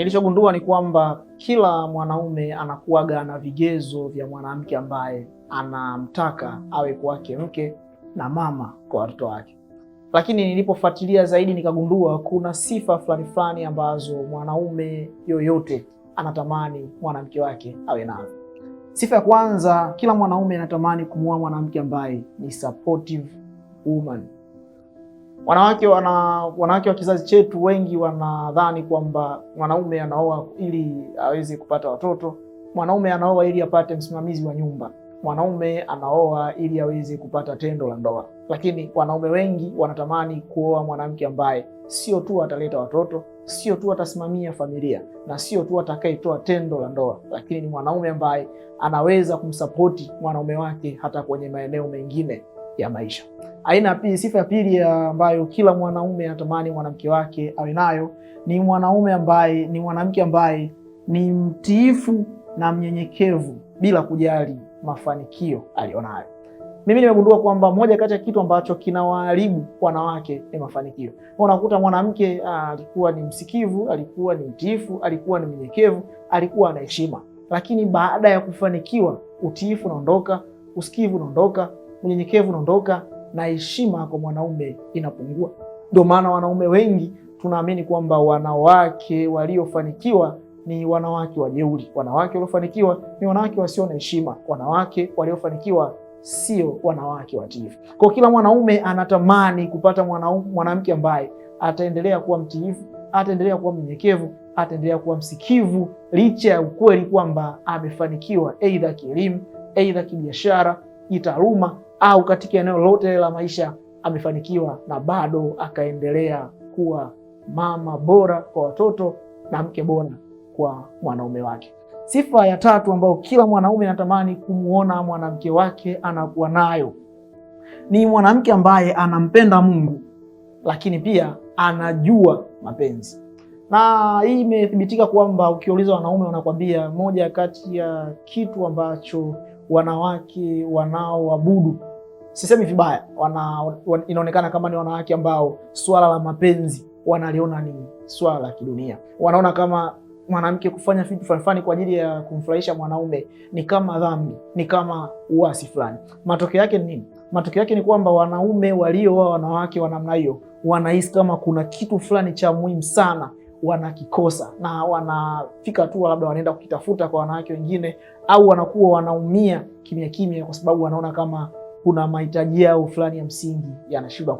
Nilichogundua ni kwamba kila mwanaume anakuwaga na vigezo vya mwanamke ambaye anamtaka awe kwake mke na mama kwa watoto wake, lakini nilipofuatilia zaidi nikagundua kuna sifa fulani fulani ambazo mwanaume yoyote anatamani mwanamke wake awe nazo. Sifa ya kwanza, kila mwanaume anatamani kumua mwanamke ambaye ni supportive woman. Wanawake wana wanawake wa kizazi chetu wengi wanadhani kwamba mwanaume anaoa ili aweze kupata watoto, mwanaume anaoa ili apate msimamizi wa nyumba, mwanaume anaoa ili aweze kupata tendo la ndoa. Lakini wanaume wengi wanatamani kuoa mwanamke ambaye sio tu ataleta watoto, sio tu atasimamia familia, na sio tu atakayetoa tendo la ndoa, lakini ni mwanaume ambaye anaweza kumsapoti mwanaume wake hata kwenye maeneo mengine ya maisha. Aina pili, sifa ya pili ambayo kila mwanaume anatamani mwanamke wake awe nayo ni mwanaume ambaye ni mwanamke ambaye ni mtiifu na mnyenyekevu bila kujali mafanikio aliyonayo. Mimi nimegundua kwamba moja kati ya kitu ambacho kinawaharibu wanawake ni mafanikio. Unakuta mwanamke ah, alikuwa ni msikivu, alikuwa ni mtiifu, alikuwa ni mnyenyekevu, alikuwa ana heshima, lakini baada ya kufanikiwa, utiifu unaondoka, usikivu unaondoka, unyenyekevu unaondoka na heshima kwa mwanaume inapungua. Ndio maana wanaume wengi tunaamini kwamba wanawake waliofanikiwa ni wanawake wajeuri, wanawake waliofanikiwa ni wanawake wasio na heshima, wanawake waliofanikiwa sio wanawake watiifu. Kwa kila mwanaume anatamani kupata mwanamke ambaye ataendelea kuwa mtiifu, ataendelea kuwa mnyenyekevu, ataendelea kuwa msikivu, licha ya ukweli kwamba amefanikiwa, aidha kielimu, aidha kibiashara, kitaaluma au katika eneo lote la maisha amefanikiwa na bado akaendelea kuwa mama bora kwa watoto na mke bora kwa mwanaume wake. Sifa ya tatu ambayo kila mwanaume anatamani kumwona mwanamke wake anakuwa nayo ni mwanamke ambaye anampenda Mungu, lakini pia anajua mapenzi. Na hii imethibitika kwamba ukiuliza wanaume wanakwambia moja kati ya kitu ambacho wanawake wanaoabudu sisemi vibaya, wana, wana, inaonekana kama ni wanawake ambao swala la mapenzi wanaliona ni swala la kidunia. Wanaona kama mwanamke kufanya vitu fulani kwa ajili ya kumfurahisha mwanaume ni kama dhambi, ni kama uasi fulani. Matokeo yake ni nini? Matokeo yake ni kwamba wanaume walioa wanawake wa namna hiyo wanahisi kama kuna kitu fulani cha muhimu sana wanakikosa na wanafika tu labda wanaenda kukitafuta kwa wanawake wengine, au wanakuwa wanaumia kimya kimya, kwa sababu wanaona kama kuna mahitaji yao fulani ya msingi yanashindwa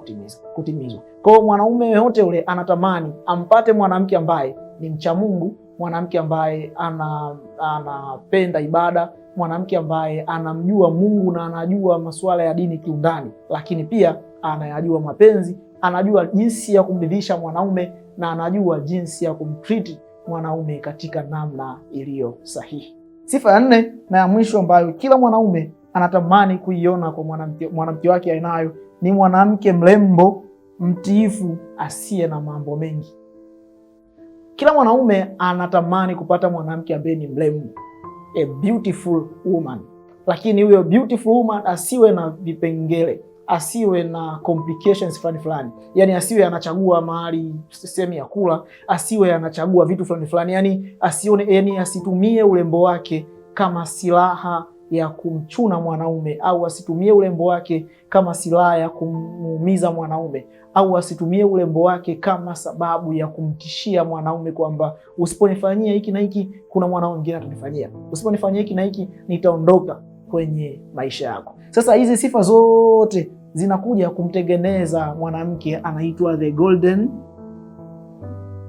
kutimizwa. Kwa hiyo mwanaume yoyote yule anatamani ampate mwanamke ambaye ni mcha Mungu, mwanamke ambaye anapenda ana ibada, mwanamke ambaye anamjua Mungu na anajua masuala ya dini kiundani, lakini pia anayajua mapenzi, anajua jinsi ya kumridhisha mwanaume na anajua jinsi ya kumtreat mwanaume katika namna iliyo sahihi. Sifa ya nne na ya mwisho ambayo kila mwanaume anatamani kuiona kwa mwanamke, wake ainayo. ni mwanamke mrembo, mtiifu, asiye na mambo mengi. Kila mwanaume anatamani kupata mwanamke ambaye ni mrembo, a beautiful woman, lakini huyo beautiful woman asiwe na vipengele asiwe na complications fulani fulani, yani asiwe anachagua mahali sehemu ya kula, asiwe anachagua vitu fulani fulani, yani asione, yani asitumie urembo wake kama silaha ya kumchuna mwanaume au asitumie urembo wake kama silaha ya kumuumiza mwanaume au asitumie urembo wake kama sababu ya kumtishia mwanaume kwamba usiponifanyia hiki na hiki, kuna mwanaume mwingine atanifanyia, usiponifanyia hiki na hiki, nitaondoka kwenye maisha yako. Sasa hizi sifa zote zinakuja kumtengeneza mwanamke anaitwa the golden,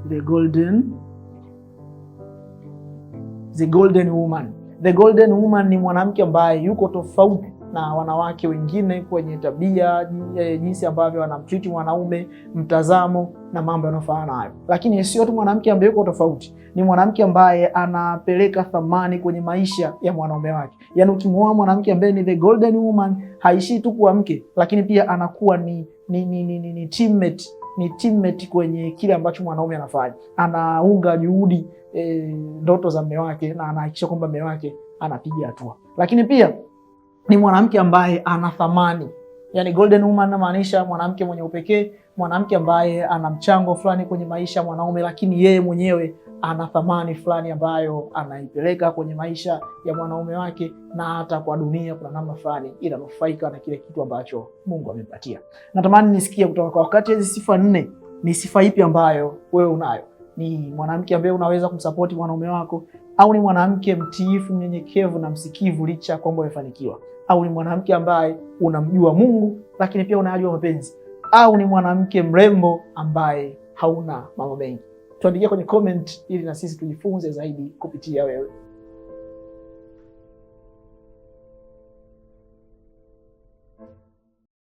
the golden, the golden woman. The Golden Woman ni mwanamke ambaye yuko tofauti na wanawake wengine kwenye tabia, eh, jinsi ambavyo wanamtriti mwanaume, mtazamo na mambo yanayofanana nayo. Lakini sio tu mwanamke ambaye yuko tofauti, ni mwanamke ambaye anapeleka thamani kwenye maisha ya mwanaume wake. Yaani ukimwoa mwanamke ambaye ni the golden woman, haishii tu kuwa mke, lakini pia anakuwa ni, ni, ni, ni, ni teammate ni teammate kwenye kile ambacho mwanaume anafanya, anaunga juhudi e, ndoto za mme wake na anahakikisha kwamba mme wake anapiga hatua, lakini pia ni mwanamke ambaye ana thamani. Yani golden woman namaanisha mwanamke mwenye upekee, mwanamke ambaye ana mchango fulani kwenye maisha mwanaume, lakini yeye mwenyewe ana thamani fulani ambayo anaipeleka kwenye maisha ya mwanaume wake na hata kwa dunia. Kuna namna fulani inanufaika na kile kitu ambacho Mungu amempatia. Natamani nisikie kutoka kwa, wakati hizi sifa nne, ni sifa ipi ambayo wewe unayo? Ni mwanamke ambaye unaweza kumsapoti mwanaume wako, au ni mwanamke mtiifu, mnyenyekevu na msikivu licha ya kwamba umefanikiwa, au ni mwanamke ambaye unamjua Mungu lakini pia unayajua mapenzi au ni mwanamke mrembo ambaye hauna mambo mengi? Tuandikia kwenye comment ili na sisi tujifunze zaidi kupitia wewe.